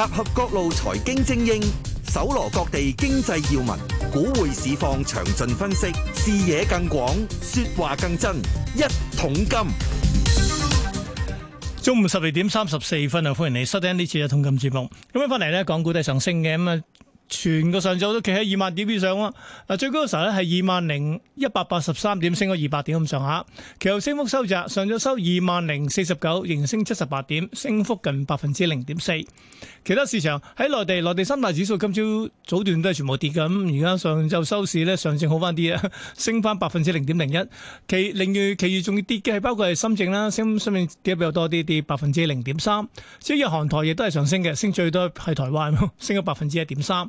集合各路財經精英，搜羅各地經濟要聞，股匯市況詳盡分析，視野更廣，說話更真。一桶金，中午十二點三十四分啊！歡迎你收聽呢次一桶金節目。咁樣翻嚟呢，港股都係上升嘅咁啊。全個上晝都企喺二萬點以上啊！啊，最高嘅時候咧係二萬零一百八十三點，升咗二百點咁上下。其後升幅收窄，上晝收二萬零四十九，仍升七十八點，升幅近百分之零點四。其他市場喺內地，內地三大指數今朝早段都係全部跌嘅。咁而家上晝收市咧，上證好翻啲啊，升翻百分之零點零一。其另外其餘仲要跌嘅，包括係深證啦，升深證跌得比較多啲，跌百分之零點三。即係日韓台亦都係上升嘅，升最多係台灣，呵呵升咗百分之一點三。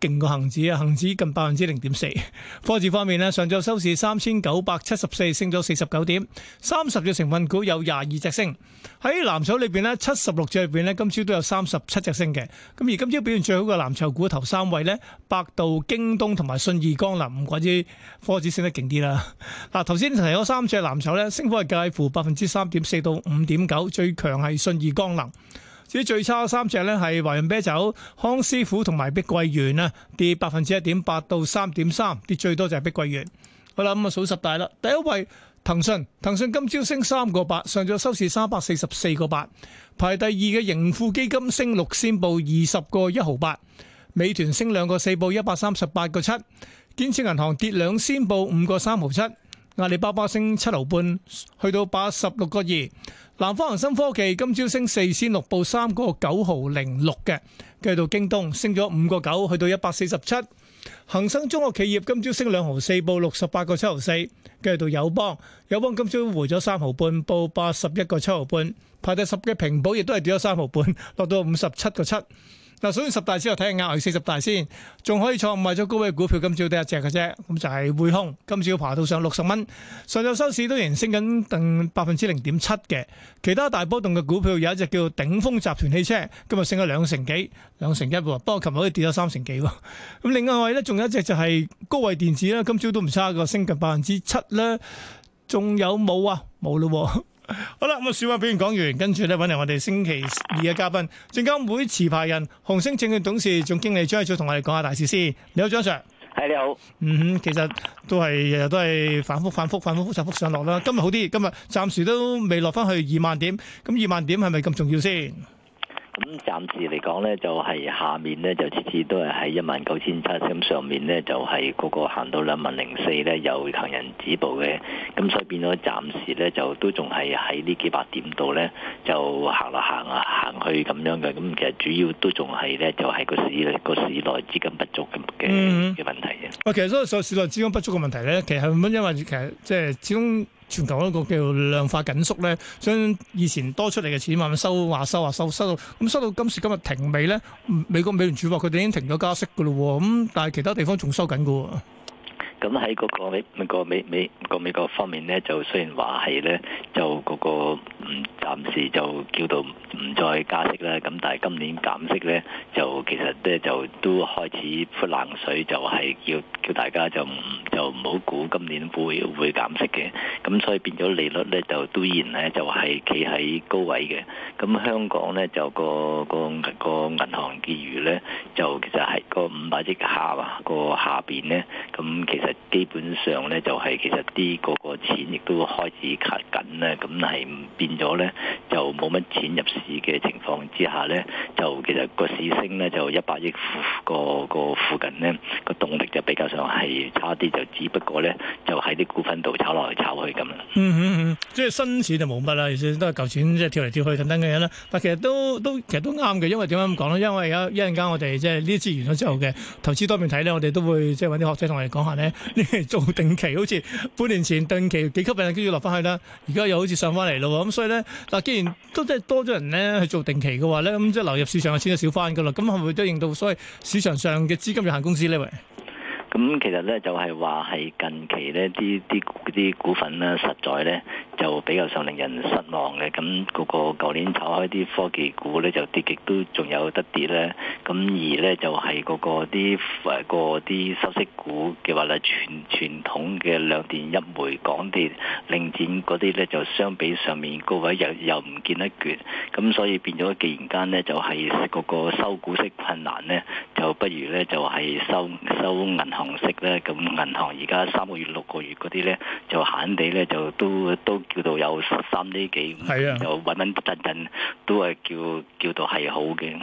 勁過恒指啊，恒指近百分之零點四。科指方面咧，上晝收市三千九百七十四，升咗四十九點。三十隻成分股有廿二隻升。喺藍籌裏邊咧，七十六隻裏邊咧，今朝都有三十七隻升嘅。咁而今朝表現最好嘅藍籌股頭三位咧，百度、京東同埋信義光能，唔怪之科指升得勁啲啦。嗱，頭先提咗三隻藍籌咧，升幅係介乎百分之三點四到五點九，最強係信義光能。至於最差三隻呢，係華潤啤酒、康師傅同埋碧桂園呢，跌百分之一點八到三點三，跌 3. 3最多就係碧桂園。好啦，咁啊數十大啦，第一位騰訊，騰訊今朝升三個八，上咗收市三百四十四個八。排第二嘅盈富基金升六仙報二十個一毫八，美團升兩個四報一百三十八個七，建設銀行跌兩仙報五個三毫七。阿里巴巴升七毫半，去到八十六個二。南方恒生科技今朝升四仙六，報三個九毫零六嘅。繼續到京東，升咗五個九，去到一百四十七。恒生中國企業今朝升兩毫四，報六十八個七毫四。繼續到友邦，友邦今朝回咗三毫半，報八十一個七毫半。排第十嘅平保亦都係跌咗三毫半，落到五十七個七。嗱，所以十大之後睇下額外四十大先，仲可以錯誤買咗高位股票，今朝得一隻嘅啫，咁就係匯控，今朝爬到上六十蚊，上晝收市都仍然升緊，定百分之零點七嘅。其他大波動嘅股票有一隻叫做頂峰集團汽車，今日升咗兩成幾，兩成一喎。不過琴日可以跌咗三成幾喎。咁另外咧，仲有一隻就係高位電子啦，今朝都唔差㗎，升近百分之七啦。仲有冇啊？冇啦喎。好啦，咁啊，說話表現講完，跟住咧揾嚟我哋星期二嘅嘉賓，證監會持牌人、紅星證券董事總經理張益祖同我哋講下大事先。你好，張 Sir。係你好。嗯哼，其實都係日日都係反覆、反覆、反覆、反覆上落啦。今日好啲，今日暫時都未落翻去二萬點。咁二萬點係咪咁重要先？咁暫時嚟講咧，就係下面咧就次次都係喺一萬九千七，咁上面咧就係嗰個行到兩萬零四咧，有行人止步嘅，咁所以變咗暫時咧就都仲係喺呢幾百點度咧，就行啦行啊行去咁樣嘅，咁其實主要都仲係咧就係個市咧個市內資金不足嘅嘅問題嘅。我其實都係所市內資金不足嘅問題咧，其實因為其實即係資金。全球一個叫做量化緊縮咧，將以前多出嚟嘅錢慢慢收，話收啊收，收，收到咁收到今時今日停尾咧。美國美聯儲話佢哋已經停咗加息噶咯，咁但係其他地方仲收緊噶。咁喺嗰個美個美國美個美國方面咧，就雖然話係咧，就嗰個。暫時就叫到唔再加息啦。咁但係今年減息呢，就其實呢，就都開始潑冷水，就係、是、要叫大家就唔就唔好估今年會會減息嘅。咁所以變咗利率呢，就都依然呢，就係企喺高位嘅。咁香港呢，就、那個個銀行結餘呢，就其實係個五百億下啊個下邊呢。咁其實基本上呢，就係、是、其實啲嗰個錢亦都開始緊緊呢。咁係唔變咗咧就冇乜錢入市嘅情況之下咧，就其實個市升咧就一百億附個，個附近咧個動力就比較上係差啲，就只不過咧就喺啲股份度炒來炒去咁啦，嗯嗯嗯。即係新錢就冇乜啦，亦都係舊錢即係跳嚟跳去等等嘅嘢啦。但其實都都其實都啱嘅，因為點解咁講咧？因為有一陣間我哋即係呢一集完咗之後嘅投資多面睇咧，我哋都會即係揾啲學者同我哋講下咧，呢做定期好似半年前定期幾吸引，跟住落翻去啦，而家又好似上翻嚟咯咁。所以咧，嗱，既然都即係多咗人咧去做定期嘅話咧，咁即係流入市場嘅錢就少翻噶啦。咁係咪都應到，所謂市場上嘅資金有限公司呢？喂，咁其實咧就係話係近期咧啲啲嗰啲股份咧，實在咧。就比較上令人失望嘅，咁、那、嗰個舊年炒開啲科技股呢，就跌極都仲有得跌呢。咁而呢，就係、是、嗰個啲、那個啲收息股嘅話呢，傳傳統嘅兩電一煤、港電、領展嗰啲呢，就相比上面高位又又唔見得絕，咁所以變咗既然間呢，就係、是、嗰個收股息困難呢，就不如呢，就係、是、收收銀行息呢。咁銀行而家三個月、六個月嗰啲呢，就閒地呢，就都都。叫到有十三呢幾，係啊，又穩穩陣陣，都係叫叫到係好嘅。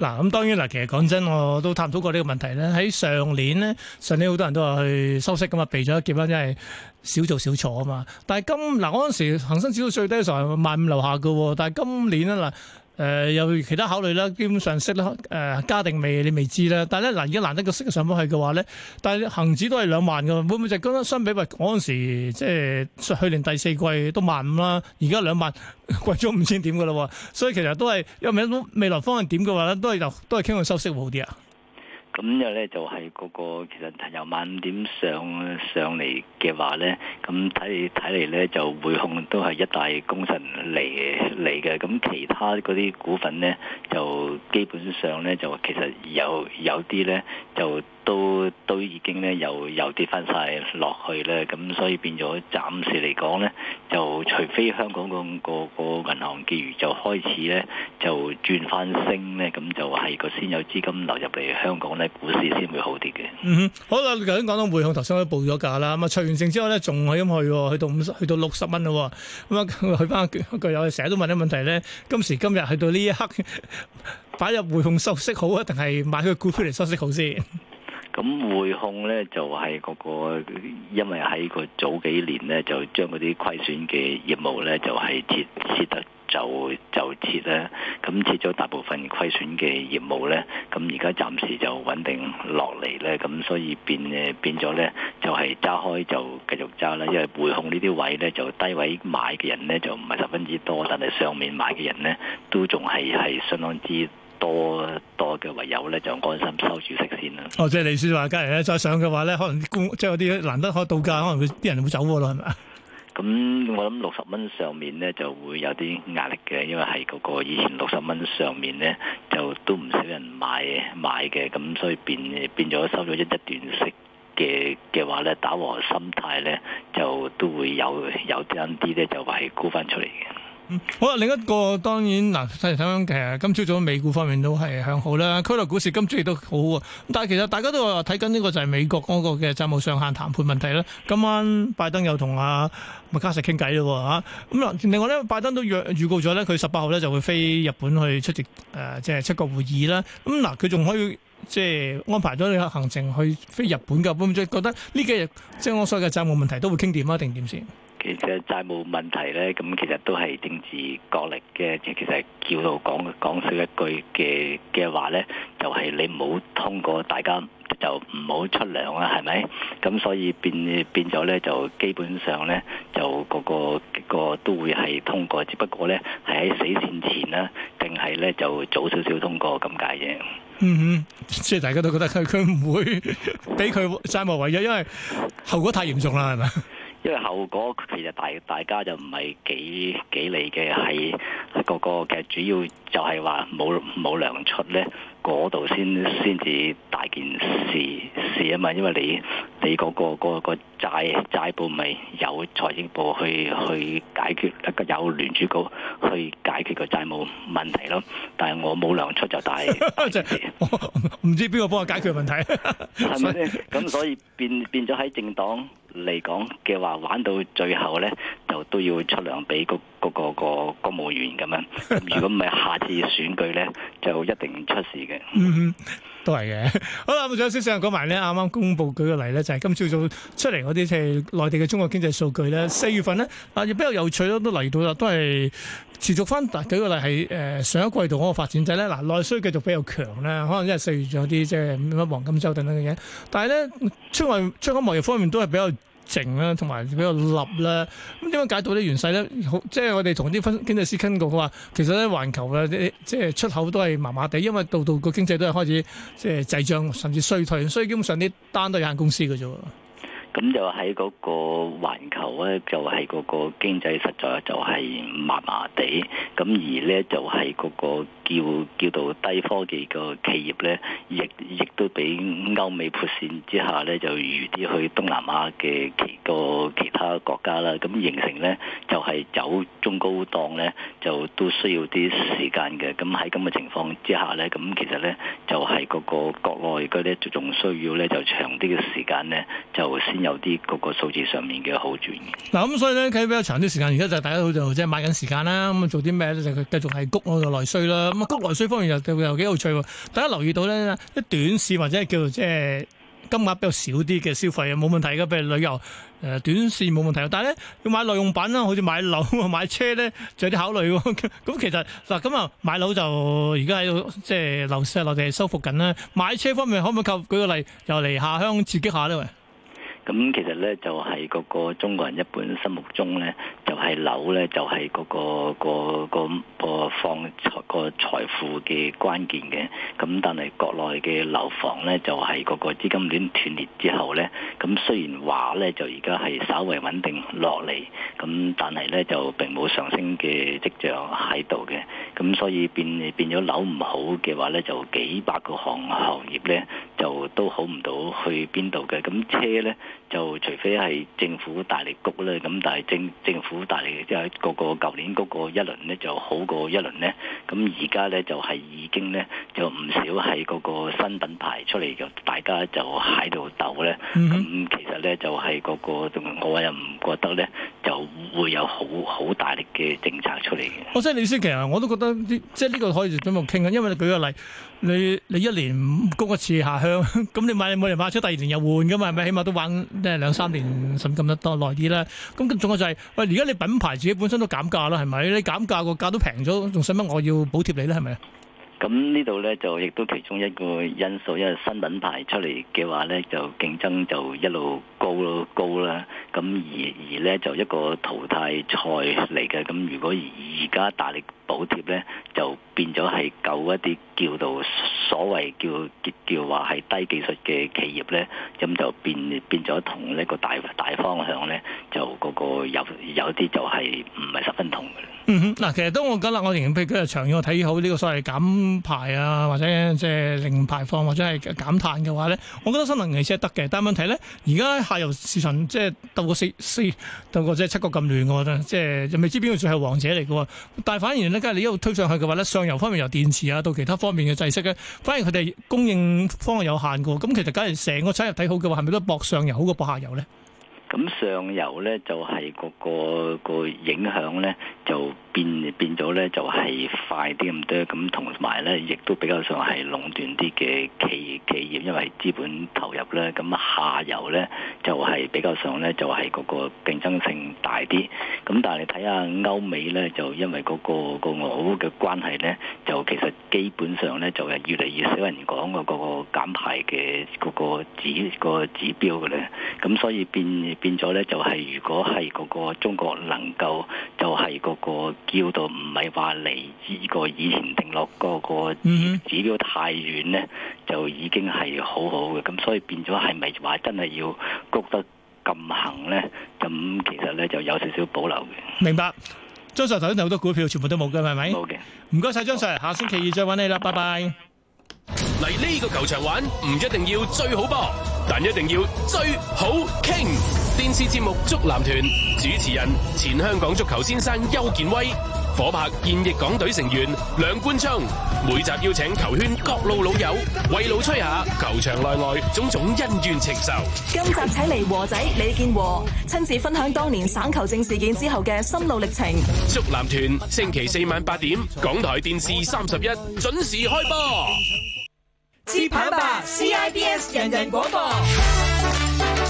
嗱、啊，咁當然嗱，其實講真，我都探討過呢個問題咧。喺上年咧，上年好多人都話去收息噶嘛，避咗一劫啦，因為少做少錯啊嘛。但係今嗱嗰陣時，恒生指數最低嘅時候係萬五留下嘅，但係今年咧嗱。啊誒、呃、有其他考慮啦，基本上識啦，誒、呃、家定未你未知啦，但係咧嗱，已經難得個識上翻去嘅話咧，但係恆指都係兩萬嘅，會唔會就咁相比話嗰陣時即係去年第四季都 00, 萬五啦，而家兩萬貴咗五千點嘅啦喎，所以其實都係因為都未來方向點嘅話咧，都係又都係傾向收息會好啲啊。咁又咧就係嗰個，其實由晚點上上嚟嘅話咧，咁睇睇嚟咧就匯控都係一大功臣嚟嚟嘅，咁其他嗰啲股份咧就基本上咧就其實有有啲咧就。都都已經咧，又又跌翻晒落去咧，咁所以變咗暫時嚟講咧，就除非香港個個個銀行結餘就開始咧就轉翻升咧，咁就係個先有資金流入嚟香港咧，股市先會好啲嘅。嗯哼，好啦，你頭先講到匯控頭先都報咗價啦，咁啊除完剩之後咧，仲係咁去，去到五十，去到六十蚊啦，咁啊，佢翻個有成日都問啲問題咧，今時今日去到呢一刻擺入匯控收息好啊，定係買佢個股票嚟收息好先？咁匯控呢，就係嗰個，因為喺個早幾年呢，就將嗰啲虧損嘅業務呢，就係切切得就就切啦。咁切咗大部分虧損嘅業務呢，咁而家暫時就穩定落嚟呢。咁所以變變咗呢，就係揸開就繼續揸啦，因為匯控呢啲位呢，就低位買嘅人呢，就唔係十分之多，但係上面買嘅人呢，都仲係係相當之多多嘅唯有咧就安心收住息先啦。哦，即係你話，隔籬咧再上嘅話咧，可能即係嗰啲難得開到價，可能會啲人會走喎咯，係咪？咁我諗六十蚊上面咧就會有啲壓力嘅，因為係嗰個，個以前六十蚊上面咧就都唔少人買買嘅，咁所以變變咗收咗一一段息嘅嘅話咧，打和心態咧就都會有有啲啲咧就話係沽返出嚟嘅。好啊！另一個當然嗱，睇嚟睇翻，其實今朝早，早美股方面都係向好啦，區內股市今朝亦都好好啊。但係其實大家都話睇緊呢個就係美國嗰個嘅債務上限談判問題啦。今晚拜登又同阿麥卡錫傾偈啦，吓咁嗱。另外呢，拜登都預預告咗呢，佢十八號呢就會飛日本去出席誒，即、呃、係、就是、七國會議啦。咁、啊、嗱，佢仲可以即係、就是、安排咗啲行程去飛日本㗎。咁即係覺得呢幾日即係我所謂嘅債務問題都會傾掂啊？定點先？其實債務問題呢，咁其實都係政治角力嘅，即係其實叫到講講少一句嘅嘅話呢，就係、是、你唔好通過，大家就唔好出糧啦，係咪？咁所以變變咗呢，就基本上呢，就嗰個個個個都會係通過，只不過呢，係喺死線前啦，定係呢，就早少少通過咁解啫。嗯哼，即係大家都覺得佢佢唔會俾佢債務違約，因為後果太嚴重啦，係咪？因為後果其實大，大家就唔係幾幾利嘅，係個個其實主要就係話冇冇糧出咧，嗰度先先至大件事事啊嘛。因為你你嗰個個個債債部咪有財政部去去解決一個有聯儲局去解決個債務問題咯。但係我冇糧出就大唔 知邊個幫我解決問題？係咪咧？咁 所以變變咗喺政黨。嚟講嘅話，玩到最後咧，就都要出糧俾嗰嗰個個公務員咁樣。如果唔係，下次選舉咧，就一定出事嘅。 都係嘅，好啦，我仲有少少想講埋咧，啱啱公布舉個例咧，就係、是、今朝早出嚟嗰啲即係內地嘅中國經濟數據咧，四月份咧啊，亦比較有趣咯，都嚟到啦，都係持續翻。但舉個例係誒、呃、上一季度嗰個發展勢咧，嗱內需繼續比較強咧，可能因為四月仲有啲即係咩黃金周等等嘅嘢，但係咧出外出口貿易方面都係比較，靜啦，同埋比較立啦。咁點樣解到咧？元勢咧，即係我哋同啲分經濟師傾過話，佢話其實咧，環球嘅即係出口都係麻麻地，因為度度個經濟都係開始即係滯脹，甚至衰退，所以基本上啲單都有限公司嘅啫。咁就喺嗰個環球咧，就係嗰個經濟實在就係麻麻地，咁而咧就係嗰個叫叫做低科技個企業咧，亦亦都俾歐美擴線之下咧，就移啲去東南亞嘅其個其他國家啦。咁形成咧就係走中高檔咧，就都需要啲時間嘅。咁喺咁嘅情況之下咧，咁其實咧就係嗰個國內嗰啲仲需要咧就長啲嘅時間咧，就先。有啲嗰個數字上面嘅好轉。嗱咁所以咧，佢比較長啲時間，而家就大家好就即係買緊時間啦。咁做啲咩咧？就是、繼續係谷嗰個內需啦。咁、就、啊、是，谷內需方面又又幾有趣喎。大家留意到咧，一短線或者係叫做即係金額比較少啲嘅消費冇問題㗎，譬如旅遊誒短線冇問題。但係咧要買耐用品啦，好似買樓買車咧就有啲考慮喎。咁 其實嗱咁啊，買樓就而家喺度，即係樓市落地收復緊啦。買車方面可唔可以舉個例，又嚟下鄉刺激下呢？喂。咁其實咧就係嗰個中國人一般心目中咧、嗰個，就係樓咧就係嗰個、個個個放財個財富嘅關鍵嘅。咁但係國內嘅樓房咧就係嗰個資金鏈斷裂之後咧，咁雖然話咧就而家係稍為穩定落嚟，咁但係咧就並冇上升嘅跡象喺度嘅。咁所以變變咗樓唔好嘅話咧，就幾百個行行業咧就都好唔到去邊度嘅。咁車咧。就除非係政府大力谷咧，咁但係政政府大力即係個嗰個舊年嗰個一輪咧就好過一輪咧，咁而家咧就係已經咧就唔少係嗰個新品牌出嚟，就大家就喺度鬥咧，咁。就係個、個，我又唔覺得咧就會有好好大力嘅政策出嚟嘅。我即係李思其啊，我都覺得即係呢個可以專門傾啊。因為你舉個例，你你一年供一次下鄉，咁 你買你每年買車第二年又換噶嘛，係咪起碼都玩即係兩三年甚咁得多耐衣啦。咁仲有就係、是、喂，而家你品牌自己本身都減價啦，係咪你減價個價都平咗，仲使乜我要補貼你咧？係咪？咁呢度呢，就亦都其中一個因素，因為新品牌出嚟嘅話呢就競爭就一路高咯高啦。咁而而呢，就一個淘汰賽嚟嘅。咁如果而家大力補貼咧就變咗係救一啲叫做所謂叫叫話係低技術嘅企業咧，咁就變變咗同呢個大大方向咧，就嗰個有有啲就係唔係十分同嘅。嗯哼，嗱，其實都我覺得，我仍然譬如長遠我睇好呢個所謂減排啊，或者即係零排放或者係減碳嘅話咧，我覺得新能源車得嘅，但係問題咧，而家下游市場即係鬥個四四鬥個即係七國咁亂嘅，即係又未知邊個最係王者嚟嘅喎，但係反而。咁如果你一路推上去嘅話咧，上游方面由電池啊到其他方面嘅制式咧，反而佢哋供應方面有限噶，咁其實假如成個產業睇好嘅話，係咪都博上游好過博下游咧？咁上游咧就係個個個影響咧就變變咗咧就係快啲咁多，咁同埋咧亦都比較上係壟斷啲嘅企業。企業因為資本投入咧，咁下游咧就係比較上咧就係嗰個競爭性大啲。咁但係你睇下歐美咧，就因為嗰、那個、那個外嘅關係咧，就其實基本上咧就係越嚟越少人講個嗰個減排嘅嗰個指、那個指標嘅咧。咁所以變變咗咧就係如果係嗰個中國能夠就係嗰個叫到唔係話離呢個以前定落嗰個指標太遠咧，就已已經係好好嘅，咁所以變咗係咪話真係要谷得咁行咧？咁其實咧就有少少保留嘅。明白，張 Sir 頭先有好多股票全部都冇嘅，係咪？好嘅，唔該晒張 Sir，下星期二再揾你啦，拜拜。嚟呢個球場玩唔一定要最好波，但一定要最好傾。電視節目《足籃團》主持人，前香港足球先生邱建威，火拍現役港隊成員梁冠沖，每集邀請球圈各路老友為老吹下球場內外種種恩怨情仇。今集請嚟和仔李健和親自分享當年省球證事件之後嘅心路歷程。足籃團星期四晚八點，港台電視三十一準時開播。自拍吧，C, amba, C I B S 人人廣播。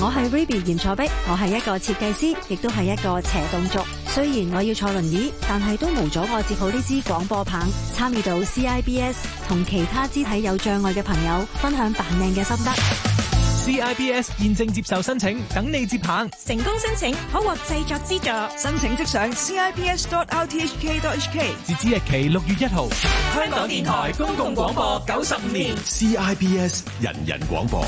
我係 Ruby 嚴彩碧，我係一個設計師，亦都係一個斜動作。雖然我要坐輪椅，但係都無阻我接好呢支廣播棒，參與到 CIBS 同其他肢體有障礙嘅朋友分享扮靚嘅心得。CIBS 現正接受申請，等你接棒，成功申請可獲製作資助。申請即上 CIBS.DOT.RTHK.DOT.HK。截止日期六月一號。香港電台公共廣播九十五年。CIBS 人人廣播。